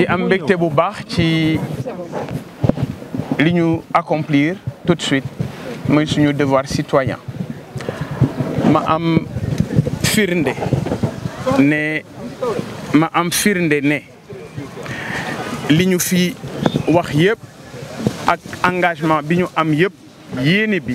li am mbégte bu baax ci li ñu accomplir tout de suite mooy suñu devoir citoyen ma am firnde ne ma am firnde ne li ñu fi wax yëpp ak engagement bi ñu am yëpp yéene bi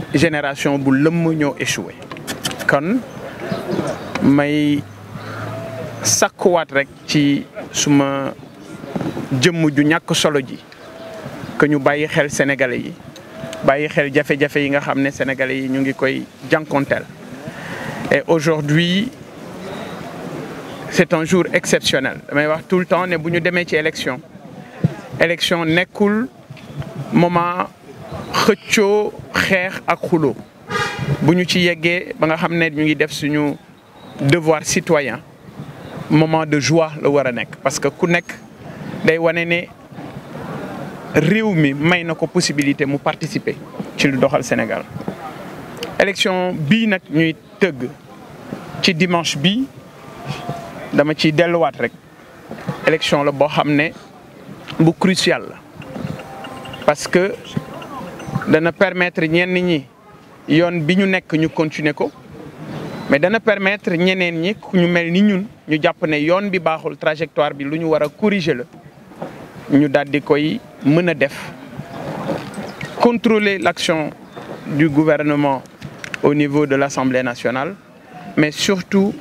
génération bu leum ñoo échoué kon may wat rek ci suma jëm ju ñàkk solo ji que ñu bayyi xel sénégalais yi bayyi xel jafé jafé yi nga xamné sénégalais yi ñu ngi koy jankontel et aujourd'hui c'est un jour exceptionnel may wax tout le temps ne buñu démé ci élection élection nekul moment xëccoo xeex ak xuloo bu ñu ci yeggé ba nga xamné ñu ngi def suñu devoir citoyen moment de joie le wara nek parce que ku nek day wané né réew mi may na possibilité mu participer ci lu doxal Sénégal élection bi nak ñuy teug ci dimanche bi dama ci déllu wat rek élection la bo xamné bu crucial parce que dana permettre ñenn ñi yoon bi ñu nekk ñu continuer ko mais dana permettre ñeneen ñi ku ñu mel ni ñun ñu japp ne yoon bi baaxul trajectoire bi lu ñu war a corriger la ñu daal di koy mën a def contrôler l'action du gouvernement au niveau de l'Assemblée nationale mais surtout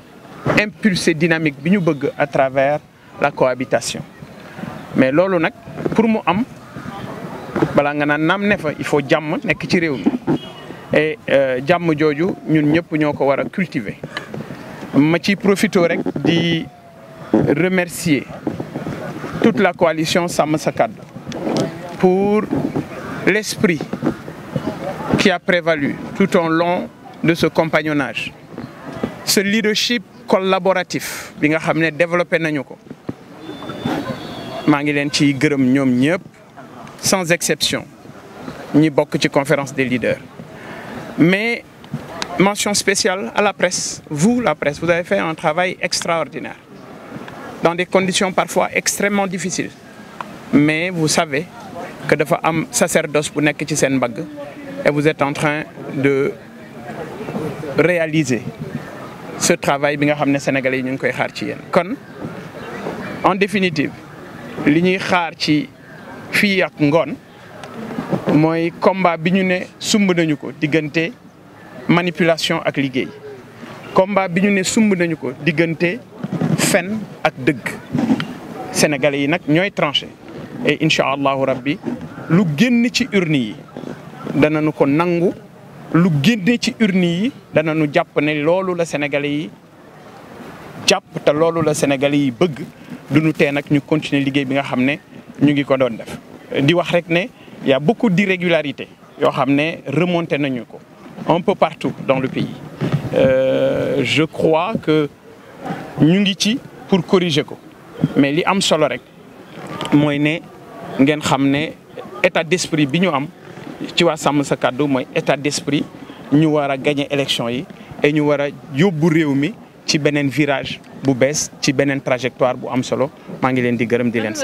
impulser dynamique bi ñu bëgg à travers la cohabitation mais loolu nag pour mu am il faut que nous ci réew et euh, jàmm jooju ñun ñëpp ñoo cultiver ma ciy profito rek di remercier toute la coalition Samasakad pour l'esprit qui a prévalu tout au long de ce compagnonnage ce leadership collaboratif bi nga xam développé Je ko maa ngi ci sans exception ni beaucoup de conférence des leaders mais mention spéciale à la presse vous la presse vous avez fait un travail extraordinaire dans des conditions parfois extrêmement difficiles mais vous savez que de am sacerdoce pour vous. et vous êtes en train de réaliser ce travail en définitive li ñuy fii ak ngoon mooy combat bi ñu ne sumb nañu ko diggante manipulation ak liggéey combat bi ñu ne sumb nañu ko diggante fen ak dëgg sénégalais yi nag ñooy tranché et incha allahu rabbi lu génn ci urne yi danañu ko nangu lu génne ci urne yi danañu jàpp ne loolu la sénégalais yi jàpp te loolu la sénégalais yi bëgg du nu tee nag ñu continuer liggéey bi nga xam ne Nous ngi ko doon def di wax rek il y' a beaucoup d'irrégularités qui ont ne remonté nañu ko un peu partout dans le pays euh, je crois que nous ngi ci pour corriger ko mais li am solo rek mooy ne ngeen nous ne état d'esprit bi ñu am ci waa sàmm sa cadeau, état d'esprit ñu war gagner élection yi et ñu avons a yóbbu ci virage bu bees ci beneen trajectoire bu am solo maa ngi leen di gërëm di leen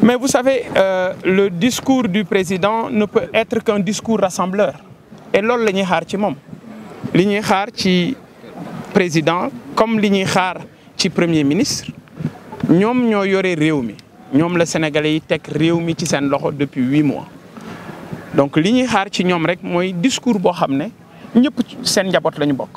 Mais vous savez, euh, le discours du président ne peut être qu'un discours rassembleur. Et loolu la ñuy xaar ci moom li xaar ci président comme li ñuy xaar ci premier ministre ñoom ñoo yore réew mi la sénégalais yi teg réew mi ci seen loxo depuis huit mois. donc li ñuy xaar ci ñoom rek mooy discours boo xam ne ñëpp seen njaboot la bokk.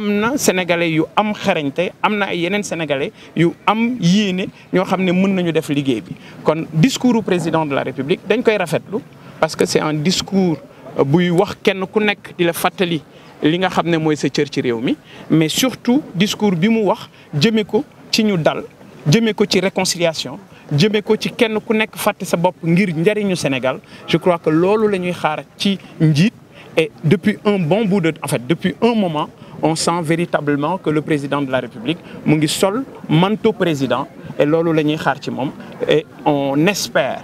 Les sénégalais yu am sénégalais yu am yéné xamné mën def liggéey bi kon discours président de la république dañ koy rafetlu parce que c'est un discours euh, buy wax kenn ku nek la li nga xamné moy sa ci mais surtout discours bi mu wax jëmee ko ci ñu dal qui ko ci réconciliation ko ci kenn ku nek sa ngir Sénégal je crois que lolu lañuy xaar ci et depuis un bon bout de en fait depuis un moment on sent véritablement que le président de la République mu ngi sol manteau président et loolu la xaar ci moom et on espère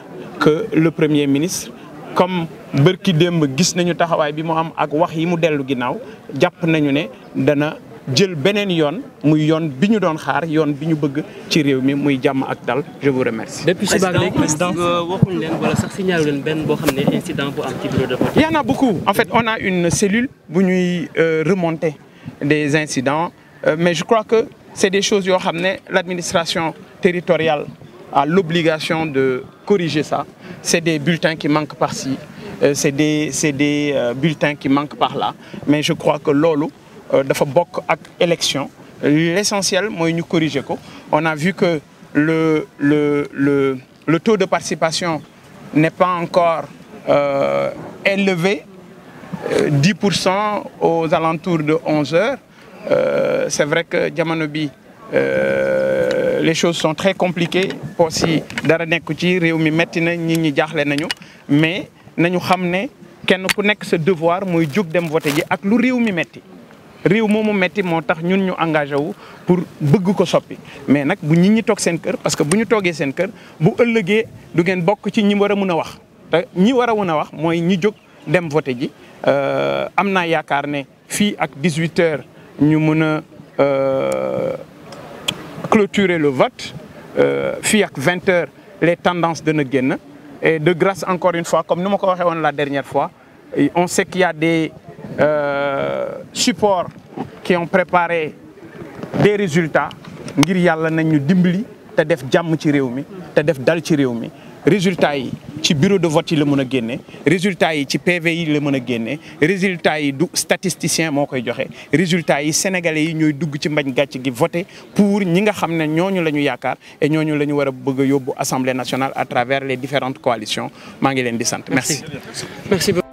que le premier ministre comme Berki Demb, gis nañu taxaway bi mu am ak wax yi mu dellu ginnaw japp nañu né dana jël benen yoon muy yoon biñu ñu doon xaar yoon biñu bëgg ci réew mi muy jamm ak dal je vous remercie. depuis suba président waxuñ len wala sax signaalu len benn bo xamné incident bu am ci bureau de vote. il y en a beaucoup en fait on a une cellule bu ñuy euh, remonter des incidents euh, mais je crois que c'est des choses qui ont ramené l'administration territoriale à l'obligation de corriger ça c'est des bulletins qui manquent par-ci euh, c'est des euh, bulletins qui manquent par-là mais je crois que lolo, il bokk ak élection l'essentiel c'est ñu corriger on a vu que le le le le taux de participation n'est pas encore élevé 10% euh, aux alentours de 11 heures. Euh, c'est vrai que jamono bi euh, les choses sont très compliquées pour si dara nekk ci réew mi metti na nit ñi nañu mais nañu xam ne kenn ku ce devoir mooy jóg dem voter ji ak lu réew mi metti réew moomu metti moo tax ñun ñu engagé wu pour bëgg ko soppi mais nak bu nit ñi toog seen parce que bu ñu toogee seen kër bu ëllëgee du ngeen bokk ci ñi war a mun a wax te ñi war a wax ñi dem voter ji euh, Amnaya Carnet yaakaar à 18 h nous mëna clôturer le vote euh, fui ak 20 h les tendances de génn et de grâce encore une fois comme nous ko la dernière fois on sait qu'il y a des euh, supports qui ont préparé des résultats ngir yalla nañu dimbali def dal résultats ci bureau de vote yi la mën a résultat yi ci PV yi la mën a résultat yi du statisticien moo koy résultat yi sénégalais yi ñoy dugg ci mbañ gatch gi voter pour ñi nga xamné ñoñu lañu la et ñoñu lañu wara bëgg a assemblée nationale à travers les différentes coalitions ma ngi leen di sant merci. merci